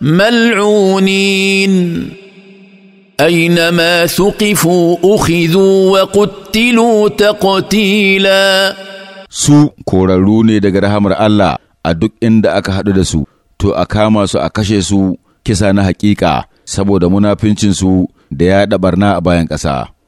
ملعونين اينما ثقفوا اخذوا وقتلوا تقتيلا su korarru ne daga rahamar Allah a duk inda aka haɗu da su to a kama su a kashe su kisa na haƙiƙa saboda munafincinsu da ya ɗabarna a bayan ƙasa.